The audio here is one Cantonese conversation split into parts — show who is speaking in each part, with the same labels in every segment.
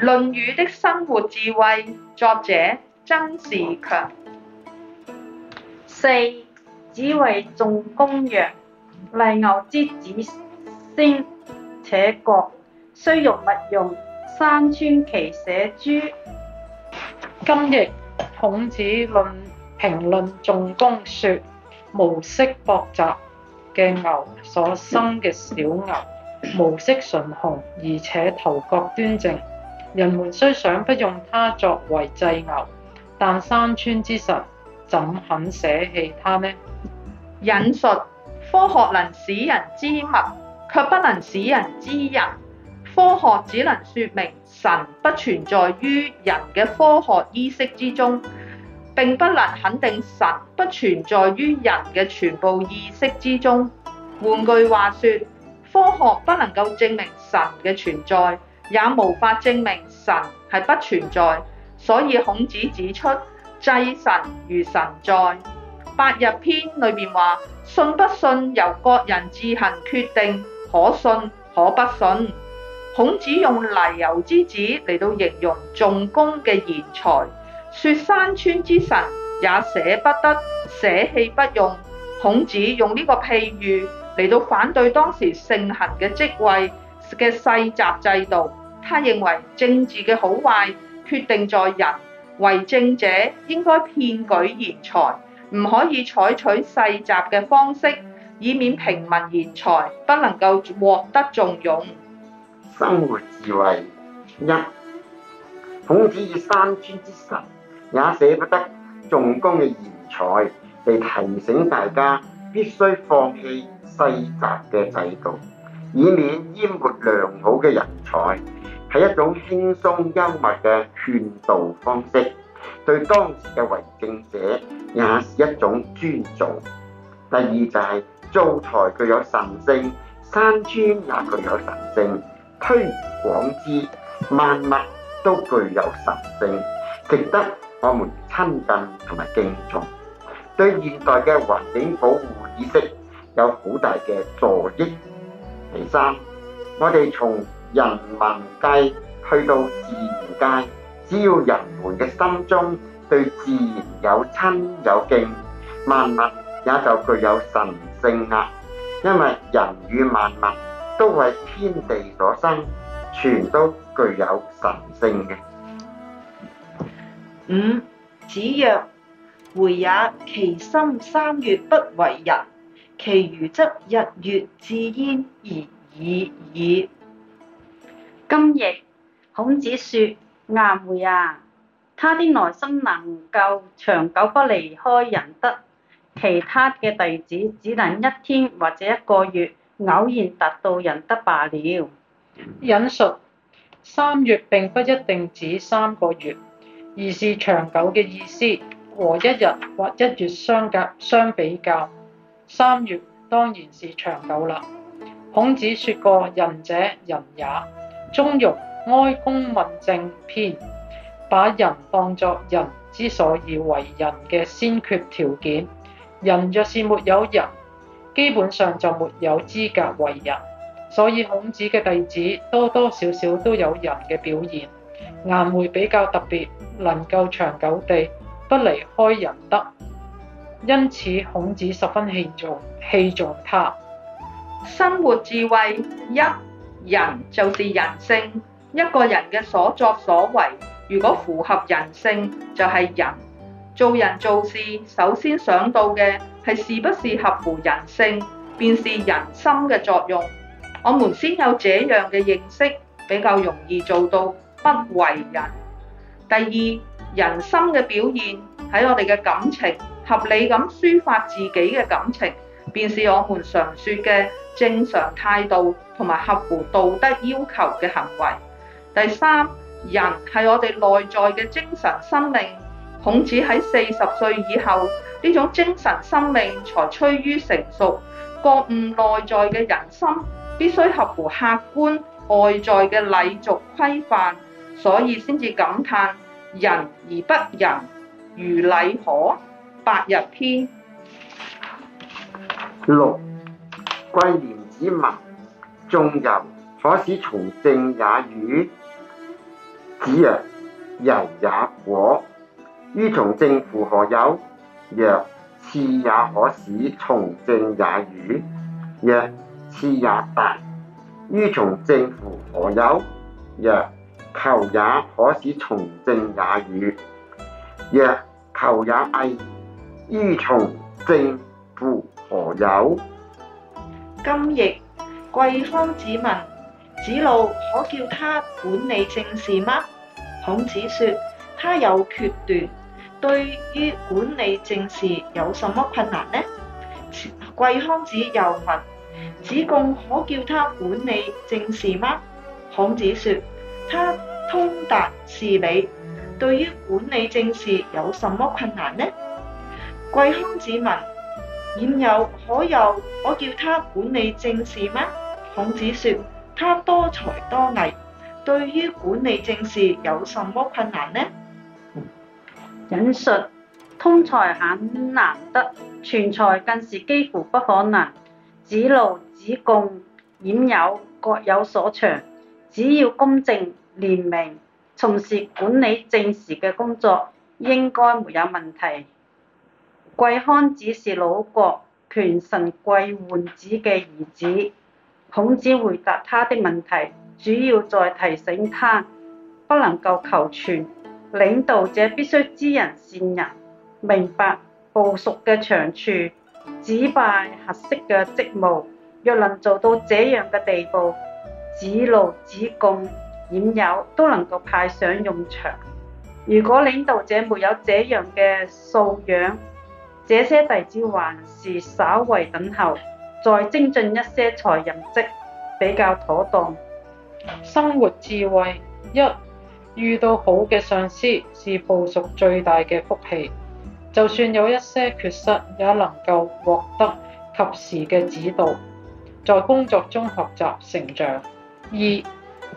Speaker 1: 《論語》的生活智慧，作者曾仕強。
Speaker 2: 四，子謂仲弓曰：犁牛之子，騂且角，雖欲勿用，山
Speaker 3: 川其舍諸？今日孔子論評論仲弓說：毛色駁雜嘅牛所生嘅小牛，毛色純紅，而且頭角端正。人們雖想不用它作為祭牛，但山川之神怎肯捨棄它呢？引述：科學能使人
Speaker 1: 知物，卻不能使人知人。科學只能說明神不存在於人嘅科學意識之中，並不能肯定神不存在於人嘅全部意識之中。換句話說，科學不能夠證明神嘅存在。也無法證明神係不存在，所以孔子指出祭神如神在。八佾篇裏面話，信不信由各人自行決定，可信可不信。孔子用犁牛之子嚟到形容仲弓嘅賢才，説山川之神也捨不得捨棄不用。孔子用呢個譬喻嚟到反對當時盛行嘅職位嘅世襲制度。他認為政治嘅好壞決定在人，為政者應該遍舉賢才，唔可以採取世襲嘅方式，以免平民賢才不能夠獲得重用。
Speaker 4: 生活智慧一，孔子以山川之神，也捨不得重工嘅賢才，嚟提醒大家必須放棄世襲嘅制度，以免淹沒良好嘅人才。係一種輕鬆幽默嘅勸導方式，對當時嘅為政者也是一種尊重。第二就係、是、灶台具有神性，山川也具有神性，推廣之，萬物都具有神性，值得我們親近同埋敬重。對現代嘅環境保護意識有好大嘅助益。第三，我哋從人民界去到自然界，只要人們嘅心中對自然有親有敬，萬物也就具有神性啊！因為人與萬物都為天地所生，全都具有神性嘅、啊。
Speaker 5: 五子曰：回也其心三月不為人，其餘則日月至
Speaker 2: 焉而已矣。今譯孔子說：顏、啊、回啊，他的內心能夠長久不離開仁德，其他嘅弟子只能一天或者一個月
Speaker 3: 偶然達到仁德罷了。引述三月並不一定指三個月，而是長久嘅意思，和一日或一月相較相比較，三月當然是長久啦。孔子說過：仁者仁也。《中庸》哀公問政篇，把仁當作人之所以為人嘅先決條件。人若是沒有仁，基本上就沒有資格為人。所以孔子嘅弟子多多少少都有仁嘅表現。顏回比較特別，能夠長久地不離開仁德，因此孔子十分器重，器重他。生活智慧一。人就是人性，一個人嘅所
Speaker 1: 作所為，如果符合人性，就係人。做人做事，首先想到嘅係是是不是合乎人性，便是人心嘅作用。我們先有這樣嘅認識，比較容易做到不為人。第二，人心嘅表現喺我哋嘅感情，合理咁抒發自己嘅感情。便是我們常説嘅正常態度同埋合乎道德要求嘅行為。第三，人係我哋內在嘅精神生命。孔子喺四十歲以後，呢種精神生命才趨於成熟。覺悟內在嘅人心，必須合乎客觀外在嘅禮俗規範，所以先至感嘆：人而不仁，如禮何？八佾篇。
Speaker 4: 六、季康子問：仲由可使從政也與？子曰：由也果，於從政乎何有？曰：賜也可使從政也與？曰：賜也達，於從政乎何有？曰：求也可使從政也與？曰：求也藝，於從政乎何有？
Speaker 5: 今譯，季康子問：子路可叫他管理政事嗎？孔子說：他有決斷，對於管理政事有什麼困難呢？季康子又問：子貢可叫他管理政事嗎？孔子說：他通達事理，對於管理政事有什麼困難呢？季康子問。冉有可有可叫他管理政事嗎？孔子說：他多才多藝，對於管理政
Speaker 2: 事有什麼困難呢？引述：通才很難得，全才更是幾乎不可能。子路、子貢、冉有各有所長，只要公正廉明，從事管理政事嘅工作，應該沒有問題。季康子是魯國權臣季桓子嘅兒子，孔子回答他的問題，主要在提醒他不能夠求全，領導者必須知人善人，明白部屬嘅長處，指派合適嘅職務。若能做到這樣嘅地步，子路、子貢、冉有都能夠派上用場。如果領導者沒有這樣嘅素養，這些弟子還是稍為等候，再精進一些才
Speaker 3: 任職比較妥當。生活智慧一，遇到好嘅上司是部屬最大嘅福氣，就算有一些缺失，也能夠獲得及時嘅指導，在工作中學習成長。二，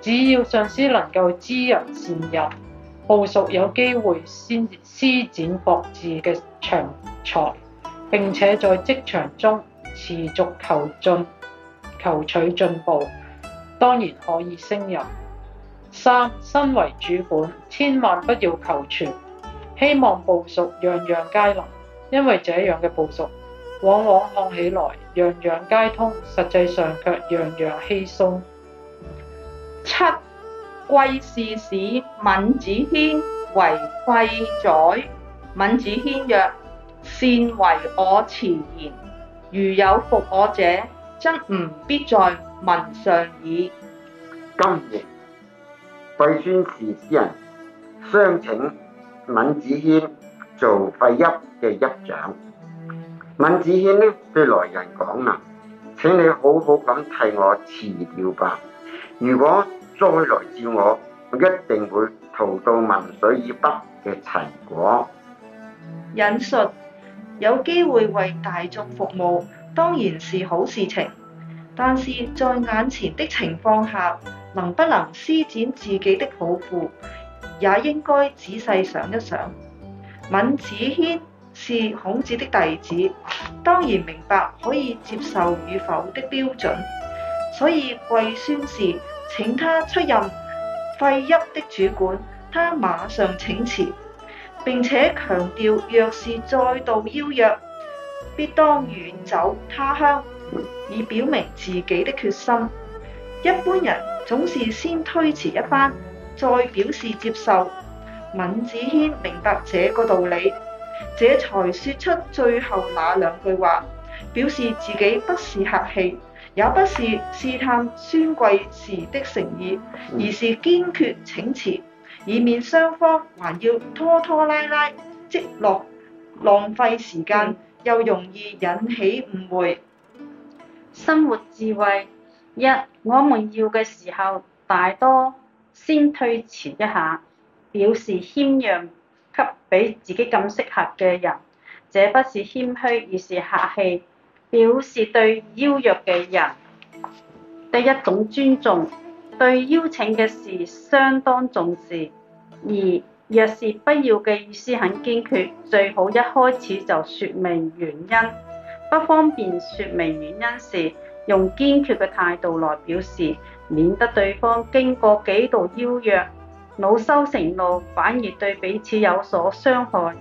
Speaker 3: 只要上司能夠知人善任，部屬有機會先施展各自嘅長才，並且在職場中持續求進、求取進步，當然可以升任。三、身為主管，千萬不要求全，希望部屬樣樣皆能，因為這樣嘅部屬，往往看起來樣樣皆通，實際上卻樣樣稀鬆。季氏使
Speaker 1: 閔子騫為費宰，閔子騫曰：善為我辭焉，如有復我者，真唔必在汶上矣。
Speaker 4: 今日季孫氏之人相請閔子騫做費邑嘅邑長，閔子騫呢對來人講啦，請你好好咁替我辭掉吧，如果，再來召我，我一定會逃到汶水以北嘅陳國。
Speaker 5: 引述有機會為大眾服務，當然是好事情。但是在眼前的情況下，能不能施展自己的抱負，也應該仔細想一想。閔子騫是孔子的弟子，當然明白可以接受與否的標準，所以貴宣是。請他出任費邑的主管，他馬上請辭，並且強調若是再度邀約，必當遠走他鄉，以表明自己的決心。一般人總是先推辭一番，再表示接受。閔子騫明白這個道理，這才說出最後那兩句話，表示自己不是客氣。也不是試探孫貴時的誠意，而是堅決請辭，以免雙方還要拖拖拉拉，積落浪費
Speaker 2: 時間，又容易引起誤會。生活智慧一，我們要嘅時候大多先推辭一下，表示謙讓給比自己更適合嘅人，這不是謙虛，而是客氣。表示對邀約嘅人的一種尊重，對邀請嘅事相當重視。二、若是不要嘅意思很堅決，最好一開始就説明原因。不方便説明原因時，用堅決嘅態度來表示，免得對方經過幾度邀約，惱羞成怒，反而對彼此有所傷害。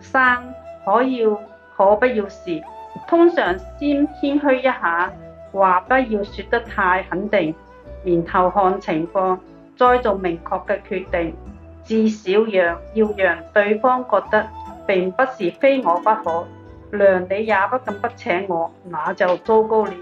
Speaker 2: 三、可要可不要時。通常先謙虛一下，話不要說得太肯定，然後看情況再做明確嘅決定。至少讓要讓對方覺得並不是非我不可，量你也不敢不請我，那就糟糕了。